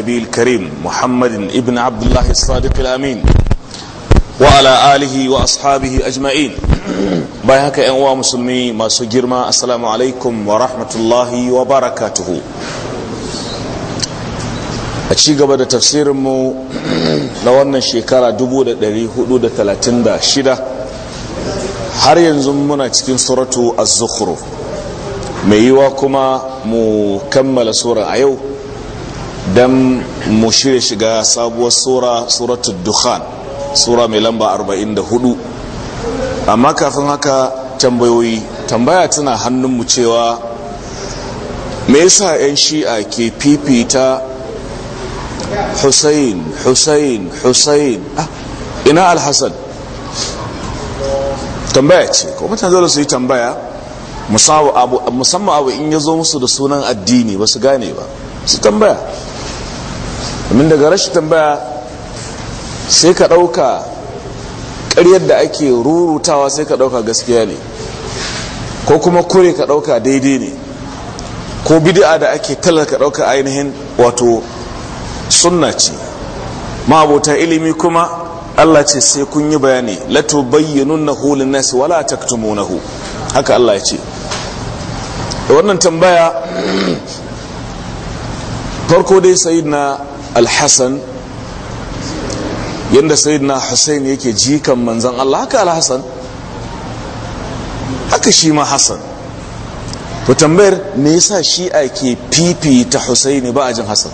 النبي الكريم محمد ابن عبد الله الصادق الامين وعلى اله واصحابه اجمعين باي هكا uwa musulmi masu girma assalamu alaikum wa rahmatullahi wa barakatuhu. a ci gaba da tafsirin mu na wannan shekara shida har yanzu muna cikin suratu az-zukhruf mai yiwa kuma mu kammala sura a yau don mu shirya shiga sabuwar sura suratul dukhan sura mai lamba 44 amma kafin haka tambayoyi tambaya tana hannunmu cewa me yasa 'yan shi'a ke fifita hussain hussain hussain ah, ina alhassan tambaya ce ko mutane dole su yi tambaya musamman abu in ya zo musu da sunan addini ba su gane ba su tambaya domin daga rashin tambaya sai ka ɗauka karyar da ake rurutawa sai ka ɗauka gaskiya ne ko kuma kure ka ɗauka daidai ne ko bid'a da ake talar ka ɗauka ainihin wato sunna ce ma'abota ilimi kuma Allah ce sai kun yi bayani lato bayyanun na hulun nasi wala hu haka Allah ya ce wannan tambaya farko dai sayi na al yadda sayyidina hussein yake jikan manzan allah haka alHassan. haka shi ma hassan to tambayar me yasa shi'a ke fifita husaini ba a jin hassan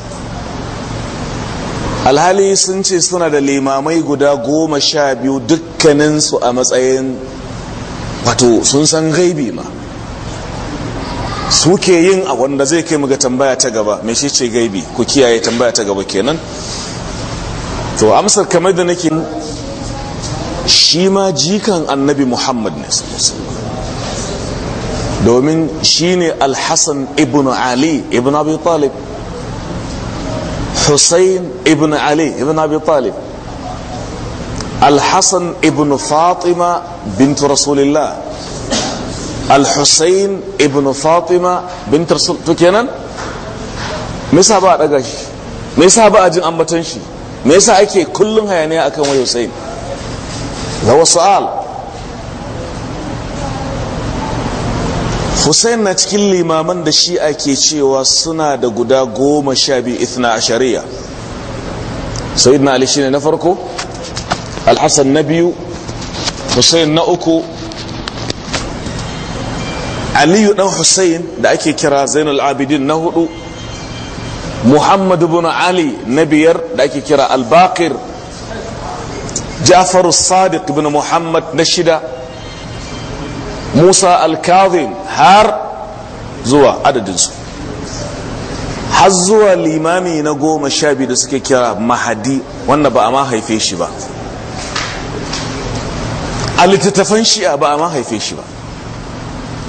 alhali sun ce suna da limamai guda goma sha biyu dukkaninsu a matsayin wato sun san gaibi ma suke yin a wanda zai kai mu ga tambaya ta gaba me shi ce gaibi ku kiyaye tambaya ta gaba kenan to amsar kamar da nake shi ma jikan annabi muhammad ne domin shi ne alhassan ibn ali ibn abi talib ibn ali ibn abi talib alhassan ibn fatima bintu rasulillah al-hussein ibn fatima bint rasul to kenan me yasa ba a daga shi me yasa ba a jin ambatan shi me yasa ake kullun hayaniya akan wai hussein da wasu al Hussein na cikin limaman da shi ke cewa suna da guda goma sha biyu ithna a shari'a sayyidina ali shine na farko alhassan na biyu Hussein na uku aliyu dan hussein da ake kira zainul abidin na hudu muhammad bin ali na biyar da ake kira albaqir jafaru sadiq bin muhammad na shida musa al-kazim har zuwa adadinsu har zuwa limami na goma sha biyu da suke kira mahadi wanda ba a ma haife shi ba a littattafan shi'a ba a ma haife shi ba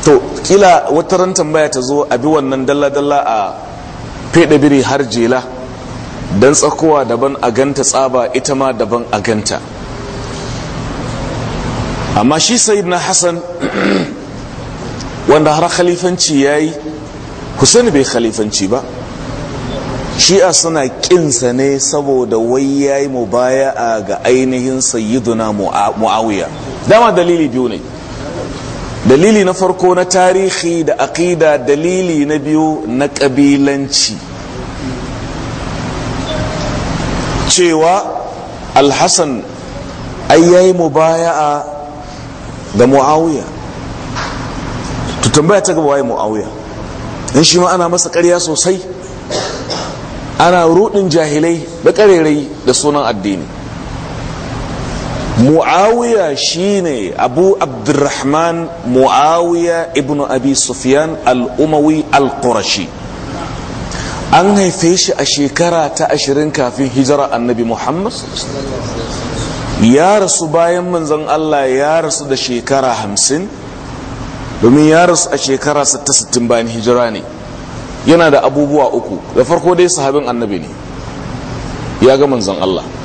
to kila wata ran tambaya ta zo a bi wannan dalla-dalla a fede biri har jela don tsakowa daban a ganta tsaba ita ma daban a ganta amma shi na hassan wanda har khalifanci ya yi husaini bai khalifanci ba shi'a suna kinsa ne saboda wai ya yi mu baya ga ainihin sayyiduna mu'awiya dama dalili biyu ne dalili na farko na tarihi da aƙida dalili na biyu na ƙabilanci cewa alhassan ayyayi mubaya'a da mu'awiya to tambaya ta gaba waye mu'awiya in shi ma ana masa ƙarya sosai ana ruɗin jahilai da ƙarerai da sunan addini muawiya shine abu abdurrahman muawiya ibnu abi sufyan al-umawi al-qurashi an haife shi a shekara ta ashirin kafin hijira annabi muhammad ya rasu bayan manzon allah ya rasu da shekara hamsin domin ya rasu a shekara ta sittin bayan hijira ne yana da abubuwa uku da farko dai sahabin annabi ne ya ga manzon allah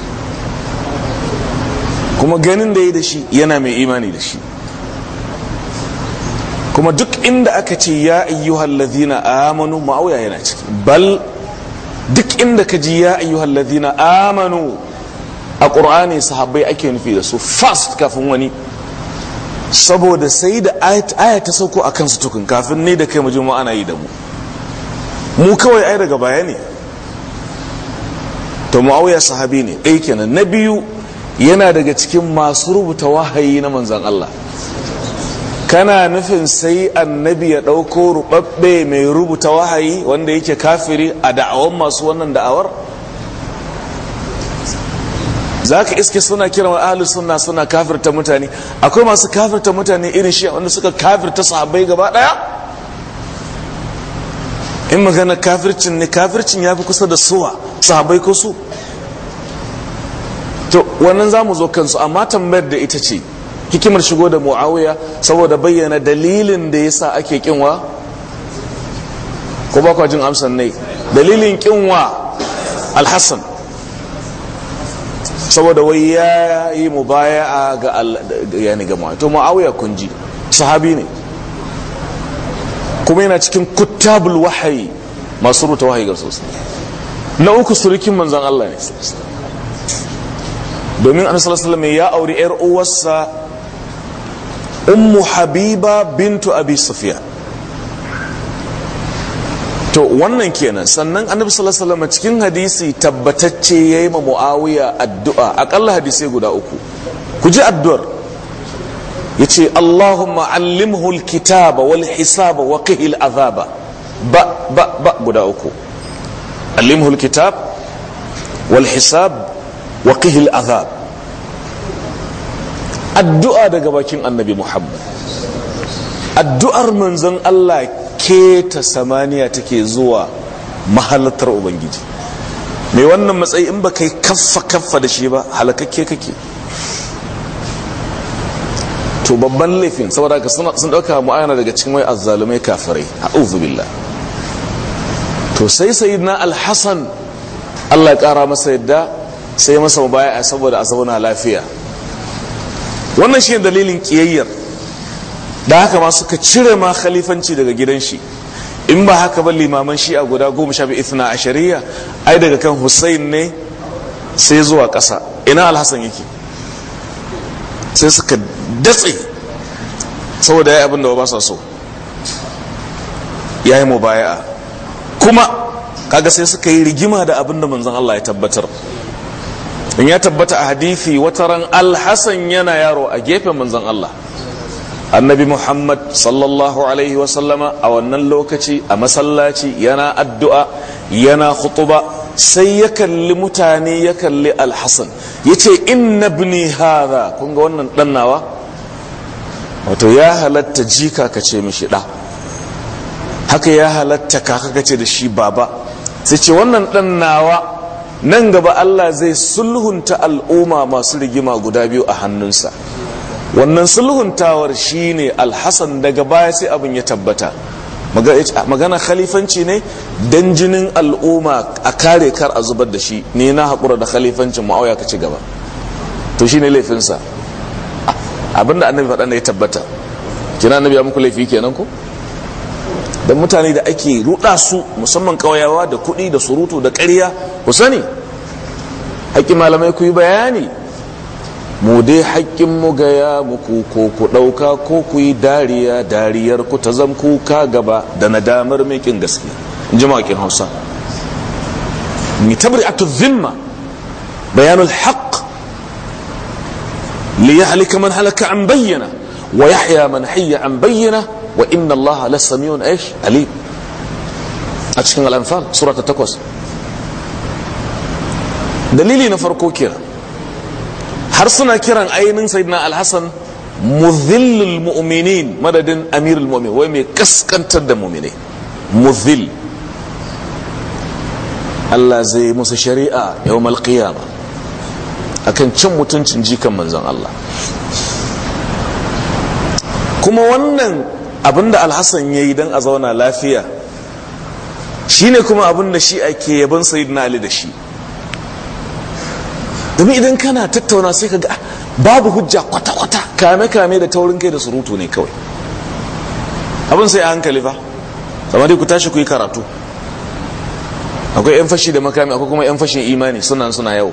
kuma ganin da yi da shi yana mai imani da shi kuma duk inda aka ce ya ayyuhal ladhina amanu ma'auya yana ciki bal duk inda ka ji ya ayyuhal ladhina amanu a ƙur'ani sahabbai ake nufi da su fast kafin wani saboda sai da aya ta sauko a kansu tukun kafin ne da kai mu ana yi da mu mu kawai ai daga baya ne to sahabi ne ɗaya kenan na biyu yana daga cikin masu rubuta wahayi na manzan Allah kana nufin sai annabi ya ɗauko rubabbe mai rubuta wahayi wanda yake kafiri a da'awan masu wannan da'awar za ka iske suna kiran ahalus sunna suna kafirta mutane akwai masu kafirta mutane irin shi wanda suka kafirta sahabbai gaba ɗaya in magana kafircin ne kafircin ya fi kusa da suwa sahabbai ko su to wannan za mu zo kansu amma tambayar da ita ce hikimar shigo da muawiya saboda bayyana dalilin da yasa ake kinwa ko ba jin amsan ne dalilin kinwa alhassan saboda wai ya yi mu baya ga yani ga to muawiya kun ji sahabi ne kuma yana cikin kuttabul wahayi masu rubuta wahayi ga sosai na uku surukin manzon Allah ne domin an ya auri yar uwarsa ummu habiba bintu abi to wannan kenan sannan annabi sallallahu alaihi cikin hadisi tabbatacce yayi ma muawiya addu'a akalla hadisi guda uku ku ji addu'ar yace Allahumma allimhu alkitaba wal hisaba wa qihi ba ba ba guda uku allimhu alkitab wal hisab wa qihil azab addu'a daga bakin annabi muhammad addu'ar manzon Allah keta samaniya take zuwa mahalatar ubangiji mai wannan matsayi in ba kai kaffa kaffa da shi ba halakakke kake to babban laifin saboda ka sun dauka mu'ayana daga cikin wai azzalumai kafirai a'udhu billah to sai sayyidina al-hasan Allah ya kara masa yadda sai masa baya saboda a zauna lafiya wannan shi dalilin kiyayyar da haka ma suka cire ma khalifanci daga gidan shi in ba haka ba limaman shi a guda goma sha biyu a shari'a ai daga kan hussain ne sai zuwa ƙasa ina alhassan yake sai suka datse saboda ya yi abin da ba sa so ya yi mubaya'a kuma kaga sai suka yi rigima da abinda da manzon Allah ya tabbatar in ya tabbata a hadithi wata ran alhassan yana yaro a gefen manzon Allah annabi muhammad sallallahu alaihi wasallama a wannan lokaci a masallaci yana addu'a yana khutuba sai ya kalli mutane ya kalli alhassan ya ce inna bini hadha kun ga wannan dannawa wato ya halatta jika ka ce mishi ɗa haka ya halatta kaka ka ce da shi baba sai ce wannan dannawa nan gaba Allah zai sulhunta al'umma masu rigima guda biyu a hannunsa wannan sulhuntawar shine alhassan daga baya sai abin ya tabbata magana khalifanci ne dan jinin al'umma a kare kar a zubar da shi ne na haƙura da khalifancin ma'auya ka ci gaba to shine laifinsa abinda annabi faɗa ne ya tabbata kina annabi ya muku laifi kenan ko da mutane da ake ruɗa su musamman ƙauyawa da kuɗi da surutu da ƙarya ku sani haƙƙin malamai ku yi bayani mu dai haƙƙin mu gaya muku ko ku ɗauka ko ku yi dariya dariyar ku ta zam kuka gaba da nadamar mai gaske gaskiya in ji mawaƙin hausa ni tabri atu zimma bayanul haqq li yahlika man halaka an bayyana wa yahya man hayya an bayyana wa inna allaha la aish alim a cikin al'anfal sura ta takwas dalili na farko kira har suna kiran ainihin sayyidina al-hasan muzillul mu'minin madadin amirul mu'minin wai mai kaskantar da mu'minai muzil Allah zai musu shari'a yau malƙiyama akan cin mutuncin jikan manzon Allah kuma wannan abinda alhassan ya yi don a zauna lafiya shi ne kuma abinda shi ake yabon sayyidina ali da shi domin idan kana tattauna sai ka ga ah, babu hujja kwata-kwata kame-kame da taurin kai da surutu ne kawai abin sai a hankali ba, kamar dai ku tashi ku yi karatu akwai 'yan fashi da makami akwai kuma 'yan fashin imani suna suna yau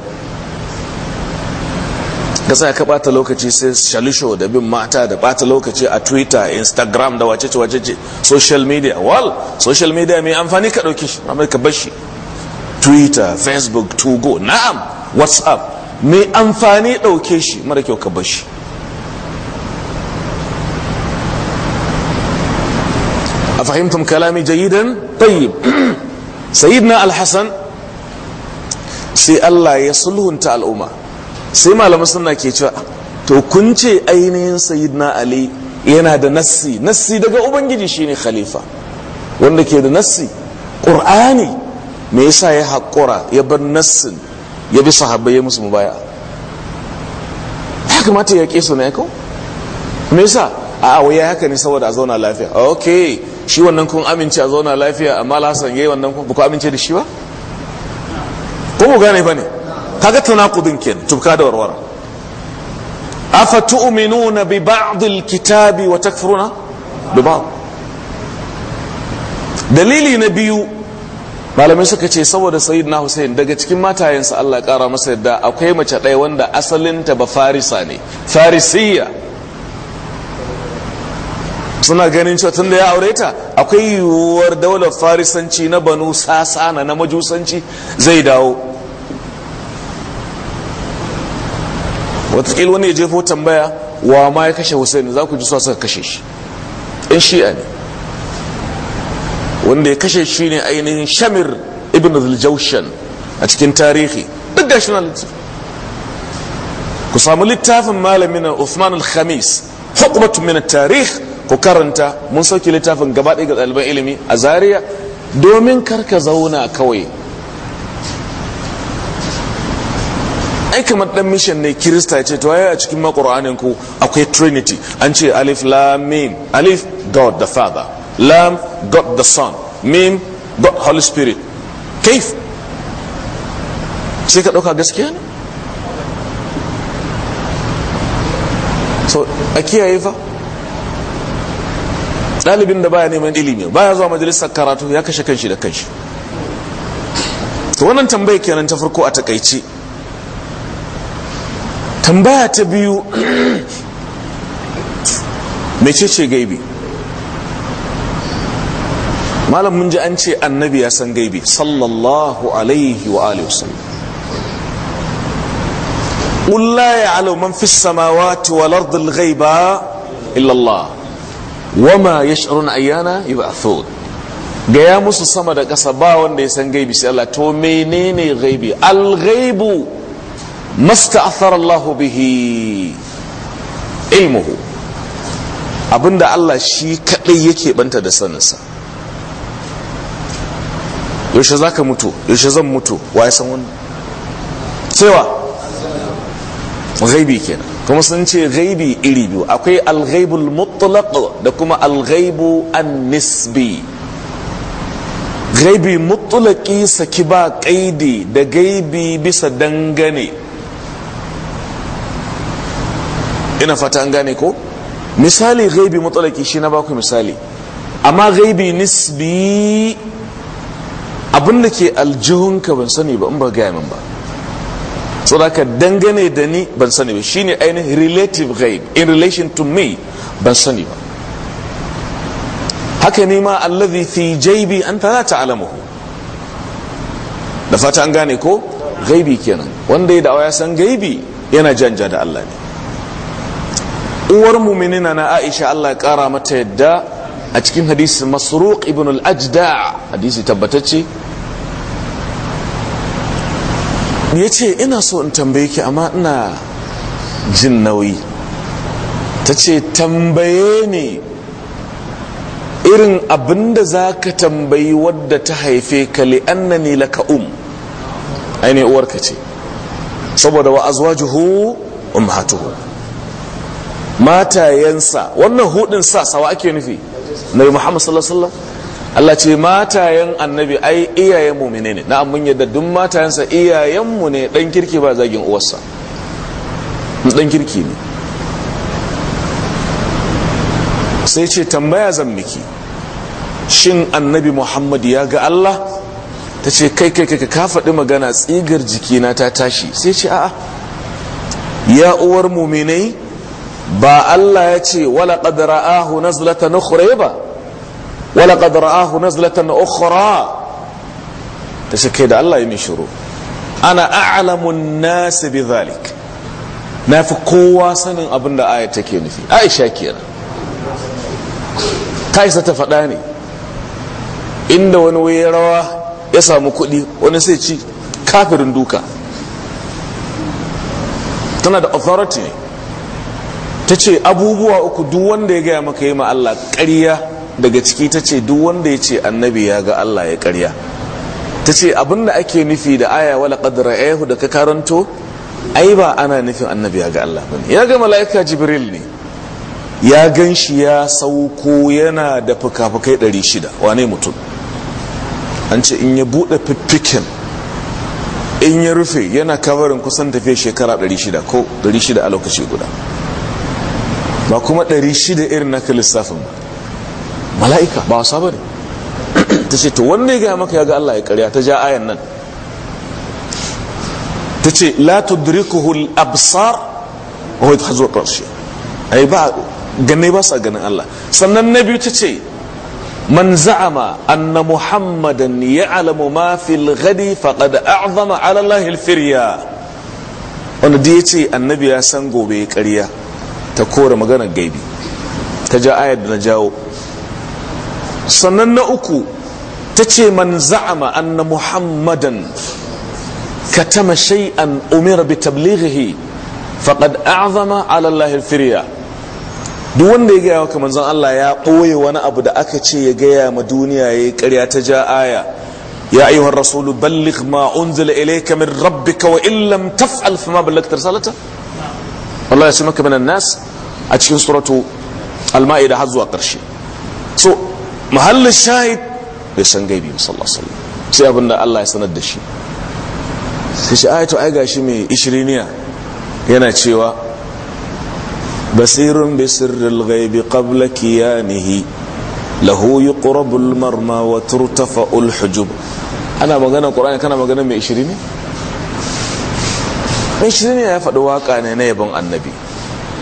kasa ka bata lokaci sai shalisho da bin mata da bata lokaci a twitter instagram da wacece wacece social media wal social media mai amfani ka dauki shi amma ka bar twitter facebook tugo na'am whatsapp mai amfani dauke shi mara kyau ka bar shi أفهمتم كلامي جيدا طيب سيدنا الحسن allah ya sulhunta al'umma. sai malamin suna ke cewa to kun ce ainihin sayyidina ali yana da nassi nassi daga ubangiji shine khalifa wanda ke da nassi qur'ani me yasa ya haƙura ya bar nassin ya bi sahabbai ya musu mubaya ya kamata ya ƙesa ne ko me yasa a wai ya haka ne saboda a zauna lafiya ok shi wannan kun amince a zauna lafiya amma lasan yayi wannan kun ba ku amince da shi ba ko mu gane ba ne kaga tunaqudin kenan tubka da warwara afa tu'minuna bi ba'd al-kitabi wa takfuruna bi ba'd dalili na biyu malamai suka ce saboda sayyidina Hussein daga cikin matayensa Allah kara masa yadda akwai mace ɗaya wanda asalinta ba farisa ne farisiya suna ganin cewa tun da ya aure ta akwai yiwuwar daular farisanci na banu sasana na majusanci zai dawo watakila wani ya jefo tambaya wa ma ya kashe hussein za ku ji suwa suka kashe shi in shi'a ne wanda ya kashe shi ne ainihin shamir ibn zuljaushan a cikin tarihi duk da shi ku samu littafin malamin usman al-Khamis hukumatu min tarih ku karanta mun sauke littafin gaba ɗaya ga ɗaliban ilimi a Zaria domin karka zauna kawai ai kamar dan mission ne kirista ce to ai a cikin makur'anin ku akwai trinity an ce alif lam mim alif god the father lam god the son mim god holy spirit kaif sai ka ɗauka gaskiya ne so a kiyaye fa ɗalibin da baya neman ilimi baya zuwa majalisar karatu ya kashe kanshi da kanshi to wannan tambayi kenan ta farko a takaice tambaya ta biyu mecece gaibi malam mun ji an ce annabi ya san gaibi sallallahu alaihi wa alihi wasallam قل لا يعلم من في السماوات والأرض الغيب إلا الله وما يشعرون أيانا يبعثون gaya musu sama da ƙasa ba wanda ya san gaibi sai Allah to menene gaibi al ما استأثر الله به علمه abinda Allah shi kaɗai yake banta da saninsa yaushe za ka mutu yaushe zan mutu wa ya san wannan cewa gaibi kenan kuma sun ce gaibi iri biyu akwai alghaibul mutlaq da kuma alghaibu an nisbi gaibi mutlaqi saki ba kaidi da gaibi bisa dangane ina fata an gane ko misali gaibi matsalaki shi na baku misali amma gaibi nisbi abinda ke aljihunka ban sani ba in ba gaya min ba saboda dangane da ni ban sani ba ne ainihin relative gaib in relation to me ban sani ba haka ne ma allazi fi jaibi an ta ta'lamuhu da fata an gane ko gaibi kenan wanda ya da'awa ya san gaibi yana janja da Allah ne uwar muminina na aisha allah ya kara mata yadda a cikin hadisi masruq ibn al-ajda hadisi tabbatacce ya ce ina so in tambaye ki amma ina jin nauyi ta ce tambaye ne irin abinda za ka tambayi wadda ta haife ka li'annani laka um ainihin uwarka ce saboda wa azwajuhu umhatuhu matayensa wannan hudin sa sawa ake nufi nabi muhammad sallallahu alaihi wasallam Allah ce matayen annabi ai iyayen mumine ne Na mun yadda duk matayensa iyayen mu ne dan kirki ba zagin uwarsa dan kirki ne sai ce tambaya zan miki shin annabi muhammad ya ga Allah ta ce kai kai kai ka faɗi magana tsigar jikina ta tashi sai ce a'a ya uwar muminai ba Allah ya ce wala qad na nazlatan na ba wala na ra'ahu na ukhra ta shi kai da Allah ya min shiru ana a'lamu an-nas bi dhalik na fi kowa sanin abin da aya take nufi aisha kenan ta isa ta faɗa ne inda wani wai rawa ya samu kuɗi wani sai ci kafirin duka tana da authority ne ta ce abubuwa uku duk wanda ya gaya maka yi ma Allah ƙarya daga ciki ta ce duk wanda ya ce annabi ya ga Allah ya ƙarya ta ce abinda ake nufi da aya wala qadra ayahu da ka karanto ai ba ana nufin annabi ya ga Allah bane ya ga mala'ika jibril ne ya gan shi ya sauko yana da fuka-fukai 600 wane mutum an ce in ya buɗe fiffikin in ya rufe yana kabarin kusan tafiya shekara 600 ko shida a lokaci guda ba kuma 600 irin naka lissafin ba mala'ika ba wasa ba ne ta ce to wanda ya gaya maka ya ga Allah ya karya ta ja ayan nan ta ce la tudrikuhu al-absar wa huwa yahzu qarshi ai ba ganne ba sa ganin Allah sannan na ta ce man za'ama anna muhammadan ya'lamu ma fil ghadi faqad a'zama ala Allah al-firya wanda da yace annabi ya san gobe ya karya ta kore maganar gaibi ta ja ayar da na jawo sannan na uku ta ce man za'ama anna muhammadan katama shay'an umira bi tablighihi faqad a'zama ala allahi al-firya duk wanda ya gaya maka manzon Allah ya ɓoye wani abu da aka ce ya gaya ma duniya ya yi ƙarya ta ja aya ya ayyuhar rasulu balligh ma unzila ilayka min rabbika wa in lam taf'al fama ballagta risalata Allah ya maka bana nas a cikin suratu al-ma'ida har zuwa ƙarshe so mahallin shahid bai san gaibi sai abinda Allah ya sanar da shi sai shi ayatu ai gashi mai ishiriniya yana cewa basirun bi sirril ghaibi qabla kiyamihi lahu yuqrabu marma wa turtafa'u al-hujub ana magana qur'ani kana magana mai ishirini dan shi ne ya faɗi waka ne na yabon annabi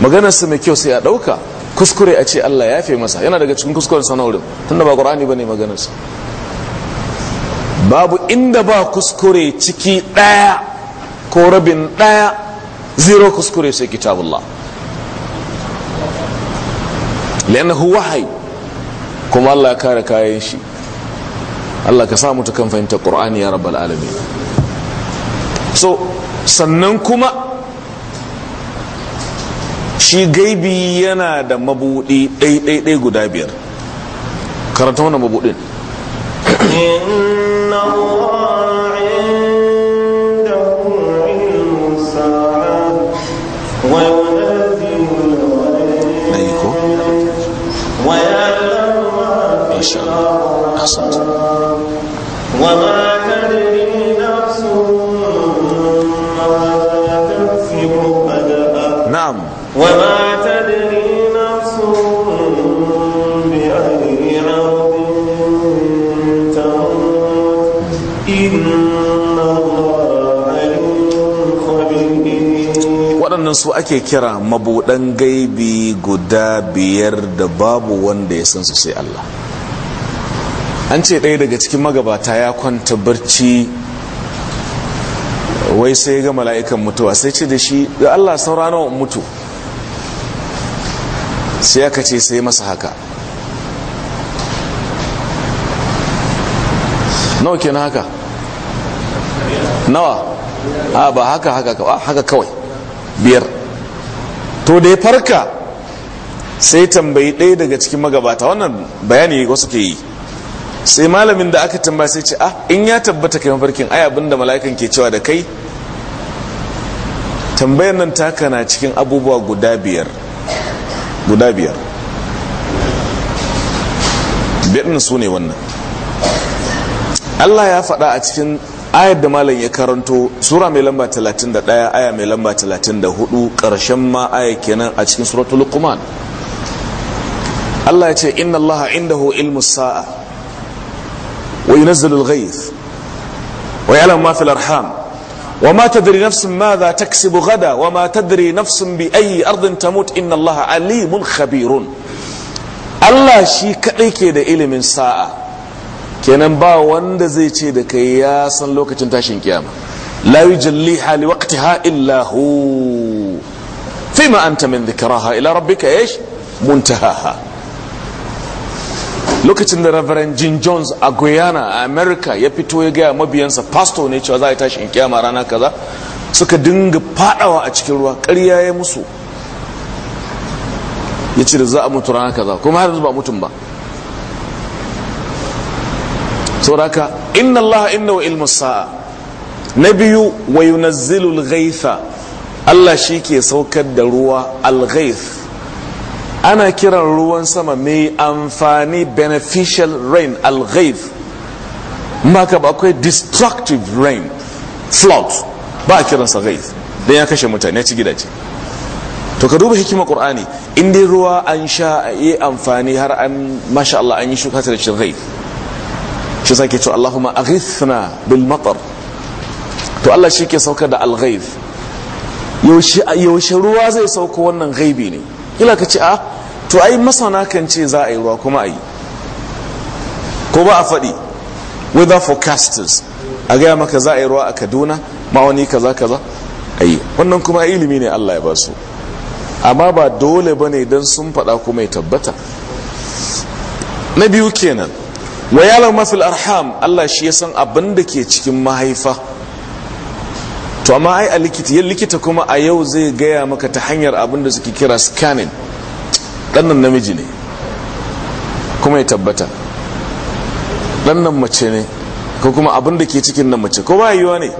maganar su mai kyau sai a ɗauka kuskure a ce Allah ya fi masa yana daga cikin kuskuren sanaurin tunda ba ƙur'ani ne maganar babu inda ba kuskure ciki ɗaya ko rabin ɗaya zero kuskure sai kitabullah li'annahu wahayi kuma Allah ya kare kayan shi Allah ka samu ta kan fahimta Qur'ani ya rabbal alamin so sannan kuma shi gaibi yana da mabuɗi ɗaiɗaiɗai guda biyar karanta wannan mabuɗin ويعلم ما في الأرض وما تدري نفس بأي تموت إن su ake kira mabuɗan gaibi guda biyar da babu wanda ya san su sai Allah an ce ɗaya daga cikin magabata ya kwanta barci wai sai ga mala'ikan mutuwa sai ce da shi da Allah saura mutu sai aka ce sai masa haka nawa na haka nawa a ba haka haka kawai biyar to da ya farka sai tambayi ɗaya daga cikin magabata wannan bayani wasu ke yi sai malamin da aka tambaya sai ce ah in ya tabbata kai mafarkin ai da mala'ikan ke cewa da kai tambayar nan taka na cikin abubuwa guda biyar guda biyar biyar su ne wannan Allah ya faɗa a cikin ayar da malam ya karanto sura mai lamba 31 aya mai lamba 34 ƙarshen ma aya kenan a cikin suratul luqman Allah ya ce inna Allah indahu ilmu sa'a wa yunazzilu al-ghayth wa ya'lamu ma fil arham wama وما تدري نفس ماذا تكسب غدا وما تدري نفس بأي أرض تموت إن الله عليم khabirun. Allah shi kaɗai ke da ilimin sa'a kenan ba wanda zai ce da kai ya san lokacin tashin kiyama la yujalli hali waqtiha illa hu fima anta min dhikraha ila rabbika ish muntahaha lokacin da reverend jim jones a guyana a america ya fito ya gaya mabiyansa pastor ne cewa za a tashi in kiyama rana kaza suka dinga fadawa a cikin ruwa ƙarya ya musu ya ce da za a mutu rana kaza kuma har ba mutum ba sauraka inna allah inna wa ilmu sa'a na biyu wa yunazzilul ghaitha allah shi ke saukar da ruwa al-ghaith ana kiran ruwan sama mai amfani beneficial rain alghaif maka ba akwai destructive rain flood ba a kiransa ghaif don ya kashe mutane ci gidaje to ka duba hikimar kur'ani in dai ruwa an sha yi amfani har an masha Allah an yi shuka ta da shi ghaif shi sa ke ce Allahumma aghithna bil matar to Allah shi ke sauka da al yaushe ruwa zai sauko wannan ghaibi ne kila ka ce a ah, to ai masana kan ce za a yi ruwa kuma a ko ba a faɗi weather forecasters a gaya maka za a yi ruwa a kaduna ma'auni kaza kaza a wannan kuma ilimi ne allah ya ba amma ba dole ba ne don sun faɗa kuma ya tabbata na biyu kenan wa yalan mafil arham allah shi ya san abin da ke cikin mahaifa to amma ai a likita ya likita kuma a yau zai gaya maka ta hanyar abin da suke kira scanning ɗannan namiji ne kuma ya tabbata ɗannan mace ne ko kuma abin da ke cikin nan mace ko ba yiwa ne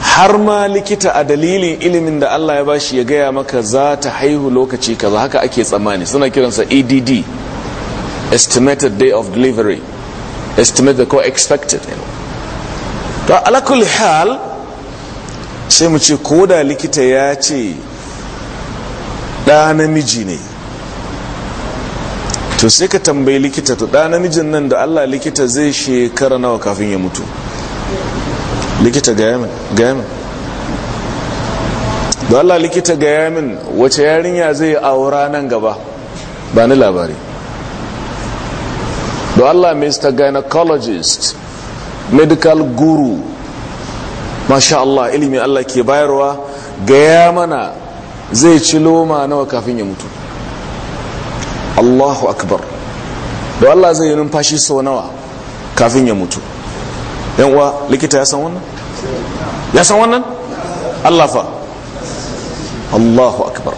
har ma likita a dalilin ilimin da Allah ya bashi ya gaya maka za ta haihu lokaci kaza haka ake tsammani suna kiransa EDD estimated day of delivery estimated ko expected to ala hal sai mu ce ko da likita ya ce ɗa namiji ne to sai ka tambayi likita to ɗa namijin nan da allah likita zai shekara nawa kafin ya mutu likita gaya min da allah likita gaya min wace yarinya zai aura nan gaba ba ni labari da allah mr gynecologist medical guru masha allah ilimi allah ke bayarwa gaya mana zai ci loma nawa kafin ya mutu allahu akbar da Allah zai yi numfashi sau nawa kafin ya mutu yan uwa likita ya san wannan ya san wannan Allah fa Allahu akbar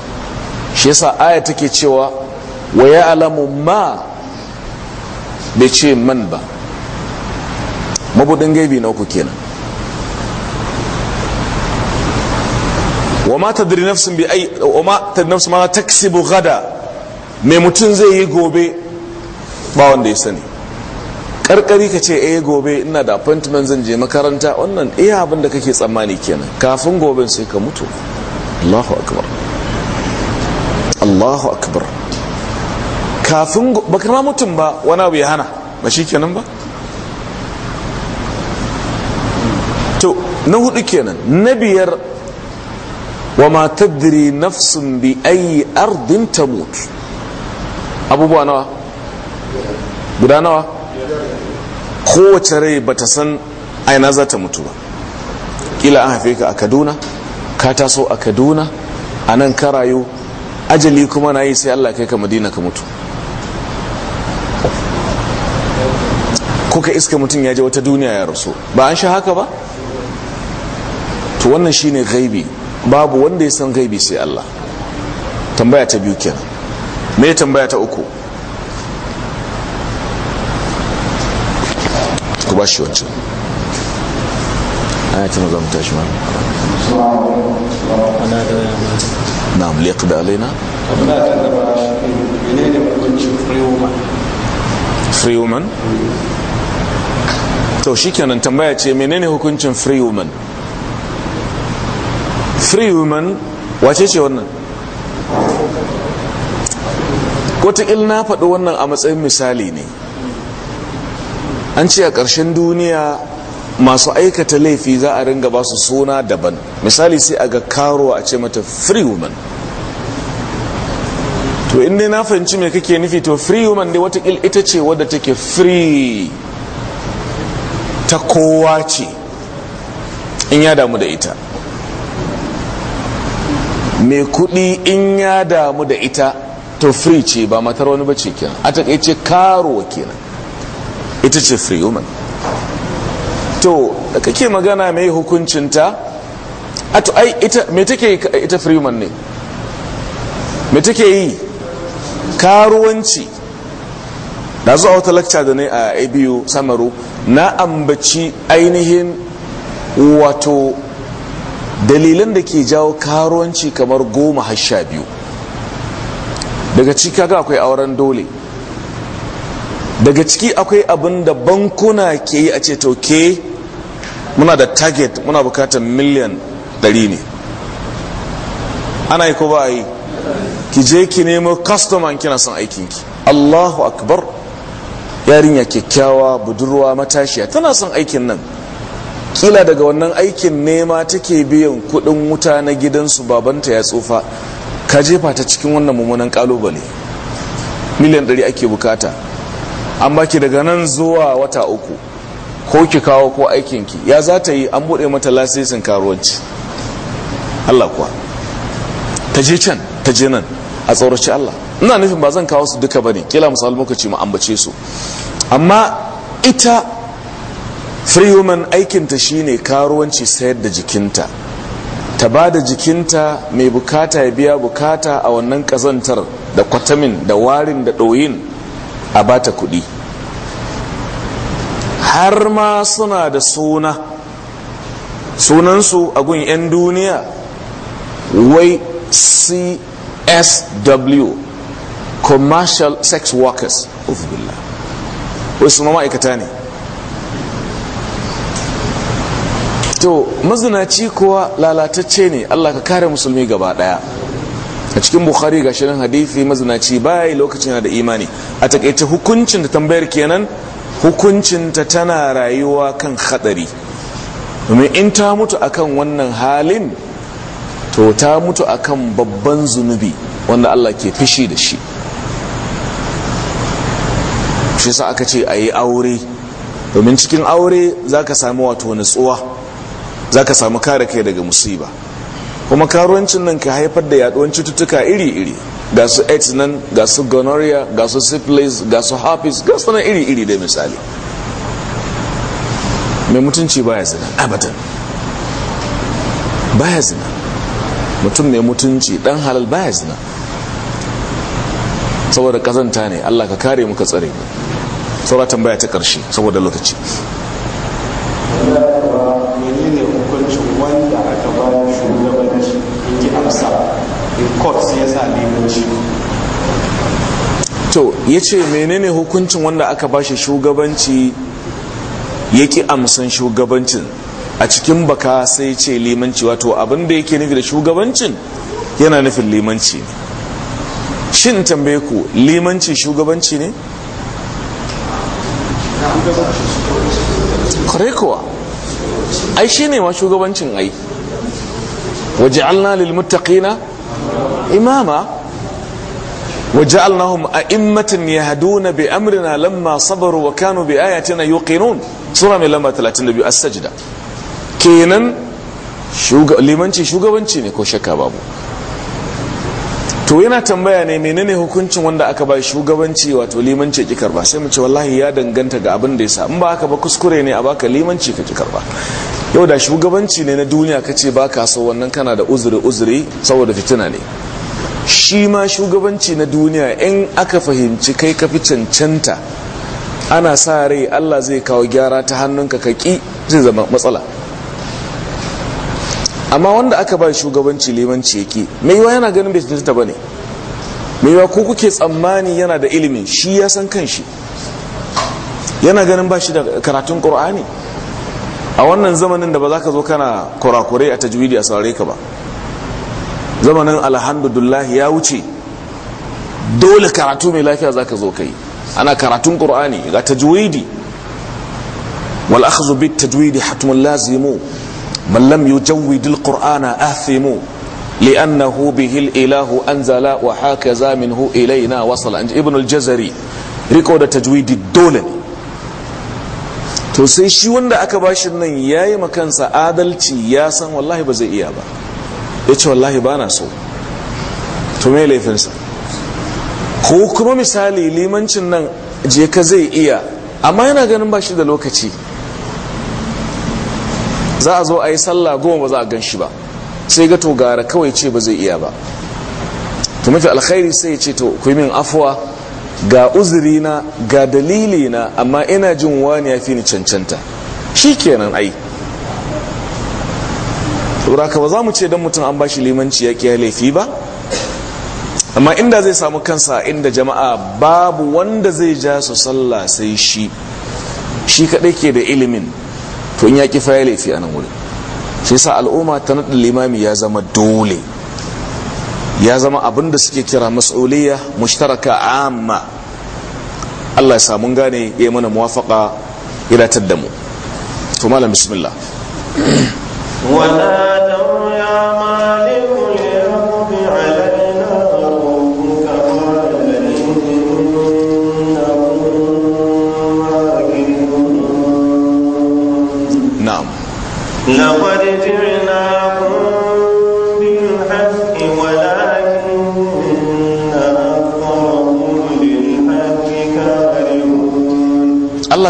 shi yasa aya take cewa wa alamu ma bai ce man ba mabudin gaibi na uku kenan wa ma tadri nafsin bi ai wa ma tadri nafsin ma taksibu gada mai mutum zai yi gobe ba wanda ya sani karkari ka ce eh gobe ina da appointment zan je makaranta wannan eh abin da kake tsammani kenan kafin goben sai ka mutu Allahu akbar Allahu akbar kafin ba ka mutum ba wani abu ya hana ba kenan ba to na hudu kenan na biyar wama tadri nafsun bi ayi ardin tamut abubuwa nawa guda nawa kowace rai bata san aina za ta mutu ba kila an haife ka a kaduna ka taso a kaduna a nan ka rayu ajali kuma na yi sai allah kai ka madina ka mutu kuka iska mutum ya je wata duniya ya rasu ba an sha haka ba to wannan shine gaibi babu wanda ya san gaibi sai Allah tambaya ta biyu kenan me tambaya ta uku ku ba shi wancan ayatun ta zamu tashi mana na'am liq da alaina ta ne ne free woman free woman. to kenan tambaya ce menene hukuncin free woman free women wace ce wannan wataƙil na faɗi wannan a matsayin misali ne an ce a ƙarshen duniya masu aikata laifi za a ringa ba su suna daban misali sai a ga karo a ce mata free woman to in na fahimci mai kake nufi to free woman ne watakil ita ce wadda take free ta kowa ce in ya damu da ita mai kudi in ya damu da ita to free ce ba matar wani bace kenan a takaice karuwa kenan ita ce free woman to da kake magana mai hukuncinta a to ai ita me take ita free woman ne me take yi karuwanci da zuwa wata lakca da ne a abu samaru na ambaci ainihin wato dalilan da ke jawo karuwanci kamar goma har sha biyu daga ciki kaga akwai auren dole daga ciki akwai abin da bankuna ke yi a ce to muna da target muna bukatar miliyan 100 ne ana yi ko ba yi ki je ki nemo customer kina son aikinki allahu akbar yarinya kyakkyawa budurwa matashiya tana son aikin nan kila daga wannan aikin nema take biyan kudin wuta na gidansu babanta ya tsufa ka jefa ta cikin wannan mummunan kalubale miliyan 100 ake bukata an baki daga nan zuwa wata uku ko ki kawo ko aikinki ya za ta yi an buɗe mata lasisin karuwanci Allah kuwa ta je can ta je nan a tsoraci Allah ina nufin ba zan kawo su duka bane kila musamman muka ce mu ambace su amma ita free woman aikinta shine karuwanci sayar da jikinta ta ba da jikinta mai bukata ya biya bukata a wannan kazantar da kwatamin da warin da ɗoyin a ba ta kuɗi har ma suna da suna sunansu a gun 'yan duniya wai csw commercial sex workers wai su ma'aikata ne to mazinaci kuwa lalatacce ne Allah ka kare musulmi gaba daya a cikin bukhari ga shirin hadithi mazinaci bai lokacin yana da imani a takaice hukuncin da tambayar kenan hukuncin ta tana rayuwa kan hadari domin in ta mutu akan wannan halin to ta mutu akan babban zunubi wanda Allah ke fishi da shi shi sa aka ce a yi aure domin cikin aure za ka sami wato natsuwa. za ka samu kare kai daga musiba kuma karuwancin nan ka haifar da yaduwan cututtuka iri-iri ga su aids nan ga su gonorrhea ga su syphilis ga su herpes ga su nan iri-iri dai misali mai mutunci baya zina abadan baya zina mutum mai mutunci dan halal baya zina saboda kazanta ne allah ka kare muka tsare saboda saura tambaya ta karshe saboda lokaci to ya ce menene hukuncin wanda aka bashi shugabanci ya ki amsan shugabancin a cikin baka sai ce limanci wato abin da yake nufi da shugabancin yana nufin limanci ne shin tambaye ku limanci shugabanci ne kare kuwa ai shi ne ma shugabancin ai waje'alna lil muttaqina imama وجعلناهم أئمة يهدون بأمرنا لما صبروا وكانوا بآياتنا يوقنون سورة من لما 32 السجدة كينان شوغ... limanci shugabanci ne ko shakka babu to yana tambaya ne menene hukuncin wanda aka ba shugabanci wato limanci ya ki karba sai mu ce wallahi ya danganta ga abin da ya sa in ba aka ba kuskure ne a baka limanci ka ki karba yau da shugabanci ne na duniya ka ce ba ka so wannan kana da uzuri uzuri saboda fitina ne shi ma shugabanci na duniya in aka fahimci kai ka fi cancanta ana sa rai Allah zai kawo gyara ta hannunka ka kaki zai zama matsala amma wanda aka ba shugabanci limanci yake mai yiwa yana ganin bai cancanta ba ne mai yiwa ko kuke tsammani yana da ilimin shi ya san kan shi yana ganin ba shi da karatun ƙur'ani a wannan zamanin da ba za ka zo kana kurakurai a tajwidi a sare ka ba zamanin alhamdulillah ya wuce dole karatu mai lafiya za ka zo kai ana karatun ƙur'ani ga tajwidi wal akhdhu bit tajwidi hatmun lazimu man lam yujawwid al qur'ana athimu لأنه به الإله أنزل وهكذا منه إلينا وصل ابن الجزري riko da tajwidi dole ne to sai shi wanda aka bashi nan yayi makansa adalci ya san wallahi ba zai iya ba ya ce wallahi ba na so to me laifinsa ko kuma misali limancin nan je ka zai iya amma yana ganin ba shi da lokaci za a zo a yi sallah goma ba za a gan shi ba sai ga to gara kawai ce ba zai iya ba to mafi alkhairi sai ya ce to ku min afuwa ga na ga dalili na amma ina jin wani ya fi ni cancanta shi kenan ai saboda ba za mu ce dan mutum an bashi limanci ya kiya laifi ba amma inda zai samu kansa inda jama'a babu wanda zai ja su sallah sai shi shi kaɗai ke da ilimin to in ya ki ya laifi a nan wurin shi sa al'umma ta naɗin limami ya zama dole ya zama abin da suke kira mas'uliyya mushtaraka amma Allah ya samu gane ya mana muwafaka ya datar da mu to malam bismillah ولا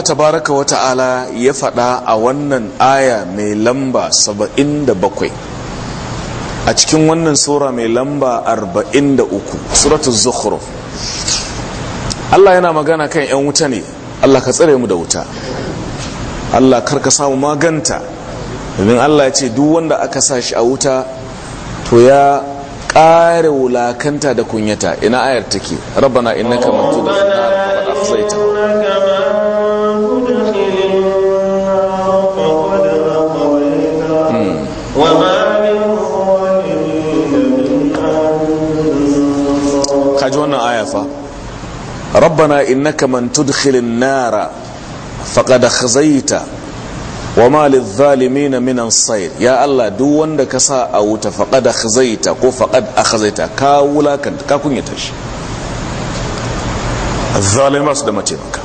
tabaraka wa ta'ala ya faɗa a wannan aya mai lamba 77 a cikin wannan sura mai lamba 43 suratu zukhruf Allah yana magana kan 'yan wuta ne Allah ka tsare mu da wuta Allah karka samu maganta domin Allah ya ce duk wanda aka sa shi a wuta to ya ƙare wulakanta da kunyata ina ayar take rabana innaka mantu da fada ربنا إنك من تدخل النار فقد خزيت وما للظالمين من انصير يا الله duk wanda ka sa a wuta faqad khazaita ko faqad akhazaita ka wulakan ka kunyata shi zalima su da mace maka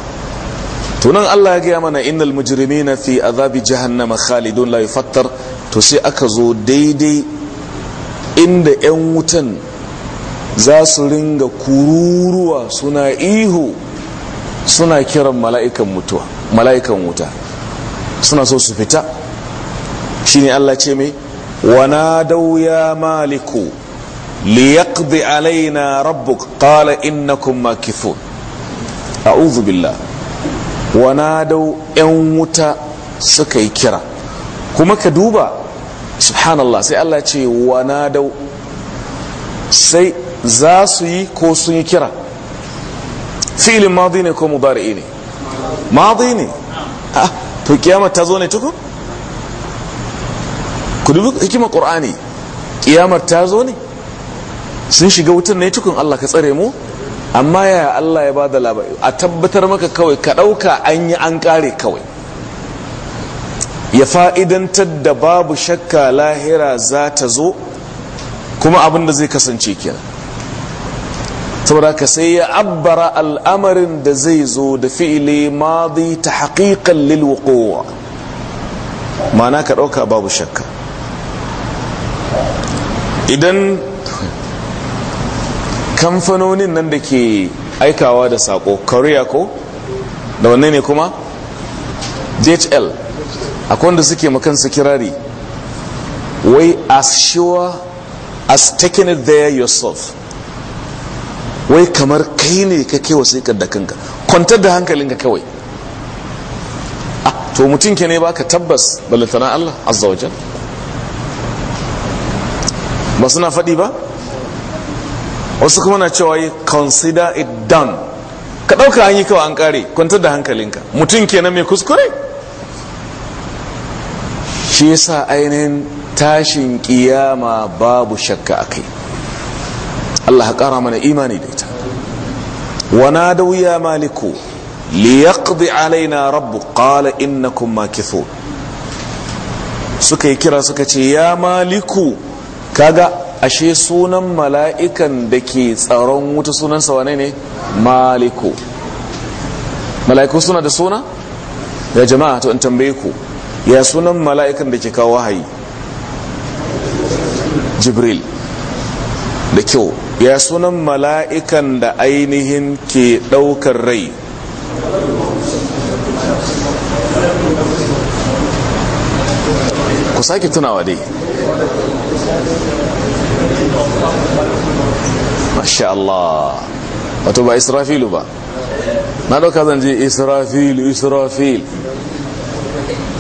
tunan Allah ya gaya mana innal mujrimina fi azabi jahannama khalidun la to sai aka zo daidai inda yan wutan za su ringa kururuwa suna ihu suna kiran mala'ikan mutuwa mala'ikan wuta suna so su fita shine Allah ce mai wana dauya maliku liyaqdi alaina rabbuk qala innakum makithun a'udhu billah wana dau yan wuta suka yi kira kuma ka duba subhanallah sai Allah ce wana dau sai za su yi ko sun yi kira filin madi ne ko mudari ne madi ne a ah, to kiyama ta zo ne tukun ku dubi hikimar qur'ani kiyamar ta zo ne sun shiga wutar ne tukun Allah ka tsare mu amma ya Allah ya ba da labari a tabbatar maka kawai ka ɗauka an yi an ƙare kawai ya fa'idantar da babu shakka lahira za ta zo kuma abin da zai kasance kenan saboda ka sai ya abbara al'amarin da zai zo da fi'ili madi ta haƙiƙan lilwakowa mana ma'ana ka ɗauka babu shakka idan kamfanonin nan da ke aikawa da sako korea ko da wanne ne kuma dhl akwai wanda suke makansu kirari wai as sure as taking it there yourself wai kamar kai ne ka kai wasiƙar da kanka kwantar da hankalinka kawai ah, to mutum ke ne baka tabbas balantana Allah azza wa jal ba suna faɗi ba wasu kuma na cewa yi consider it done ka ɗauka an yi kawai an ƙare kwantar da hankalinka mutum kenan mai kuskure shi yasa ainihin tashin kiyama babu shakka a kai Allah ƙara mana imani da ita wana da wuya maliku liyaqdi alaina rabbu qala innakum makithun suka yi kira suka ce ya maliku kaga ashe sunan mala'ikan da ke tsaron wuta sunansa wane ne maliku mala'iku suna da suna ya jama'a to in tambaye ku ya sunan mala'ikan da ke kawo wahayi jibril da kyau ya sunan mala'ikan da ainihin ke ɗaukar rai ku sake tunawa dai masha Allah wato ba israfilu ba na ɗauka zan je israfilu israfil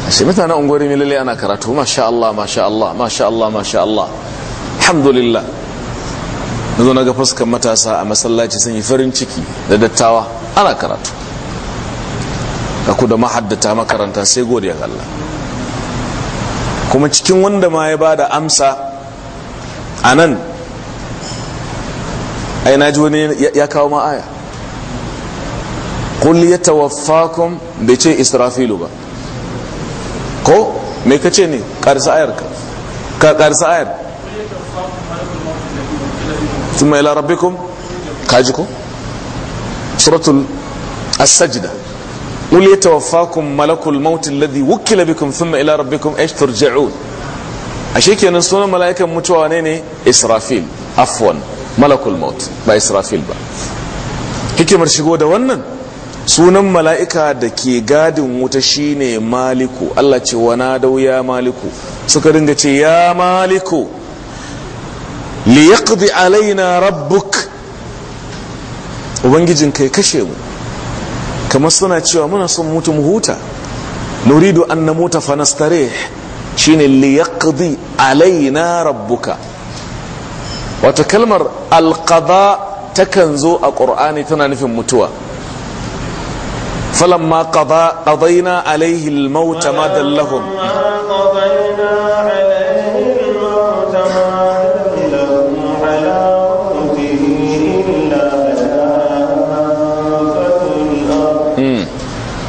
shi mutane ungwari milile ana karatu masha Allah masha Allah masha Allah masha Allah alhamdulillah na zo na ga fuskar matasa a masallaci sun yi farin ciki da dattawa ana karatu ga ku da mahaddata makaranta sai godiya ga Allah kuma cikin wanda ma ya ba da amsa a nan ai na ji wani ya kawo ma aya kulli ya tawaffakum bai ce israfilu ba ko me ka ne karsa ayar ka karsa ayar ثم إلى ربكم كاجكم سورة السجدة قل يتوفاكم ملك الموت الذي وكل بكم ثم إلى ربكم إيش ترجعون ashe kenan sunan mala'ikan mutuwa ne ne israfil afwan malakul maut ba israfil ba hikimar shigo da wannan sunan mala'ika da ke gadin wuta shine maliku allah ce wana dau ya maliku suka dinga ce ya maliku li yaqdi alaina rabbuk ubangijin kai kashe mu kamar suna cewa muna son mutu mu huta nuridu an namuta fa fanastare shine ne yaqdi alaina rabbuka wata kalmar alqada takan zo a qur'ani tana nufin mutuwa falamma qada qadayna alaihi almaut ma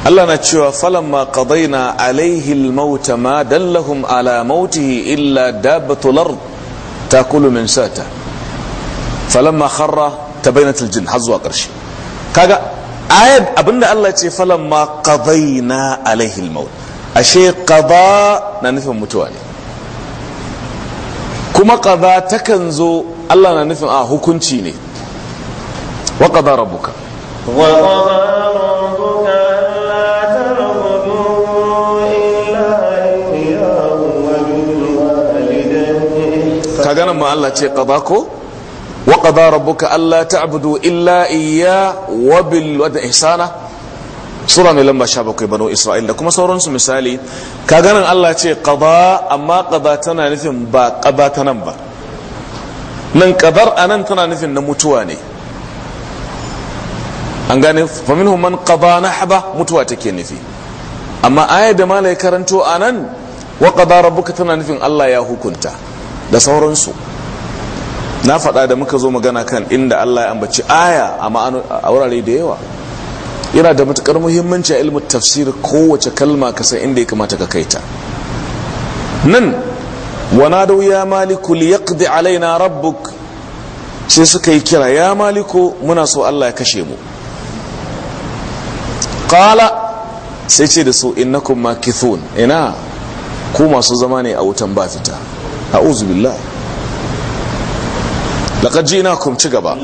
Allah na cewa falamma qadayna alaihi almauta ma dallahum ala mautihi illa dabbatul ard takulu min sata falamma kharra tabayyana aljin har zuwa karshe kaga ayat abinda Allah ce falamma qadayna alaihi almaut ashe qada na nufin mutuwa ne kuma qada takan zo Allah na nufin a ah, hukunci ne wa qada rabbuka wa qada kalma Allah ce qada ko wa qada rabbuka alla ta'budu illa iyya wa bil wada ihsana sura mai lamba 17 banu isra'il da kuma sauransu misali Ka ganin Allah ce qada amma qada tana nufin ba qada ta nan ba nan a nan tana nufin na mutuwa ne an gane faminhum man na haba mutuwa take nufi amma ayar da malai karanto a nan wa qada ka tana nufin Allah ya hukunta da sauransu na faɗa da muka zo magana kan inda Allah ya ambaci aya a wurare da yawa yana da matukar muhimmanci a ilmin tafsir kowace kalma ka inda ya kamata ka kaita nan wana da ya maliku liyaqdi alaina rabbuk sai suka yi kira ya maliku muna so Allah ya kashe mu qala sai ce da su innakum makithun ina ku masu zama ne a wutan ba fita a'udhu billah laqad ji'nakum ci gaba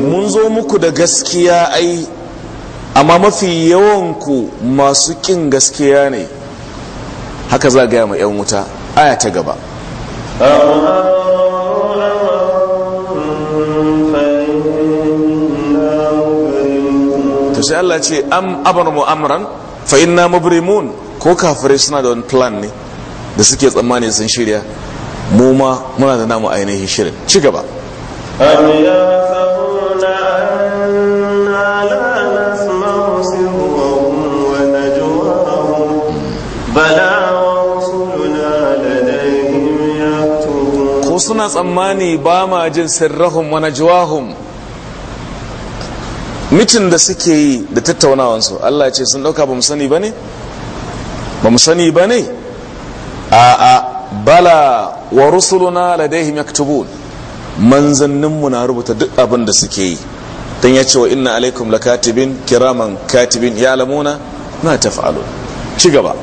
mun zo muku da gaskiya ai amma mafi yawan ku masu kin gaskiya ne haka za gaya ma 'yan wuta aya ta gaba to sai Allah ce am mu amran fa inna mubrimun ko kafirai suna da wani plan ne da suke tsammani sun shirya mu ma muna da namu ainihin shirin ci gaba ko suna tsammani ba ma jin sirrahum wa najwahum mitin da suke yi da tattaunawansu Allah ce sun dauka ba mu sani ba ne ba mu sani ba ne a a bala wa rusuluna ladaihim yaktubun manzanninmu na rubuta duk abin da suke yi dan ya ce wa inna alaikum lakatibin kiraman katibin ya lamuna tafi alo. ci gaba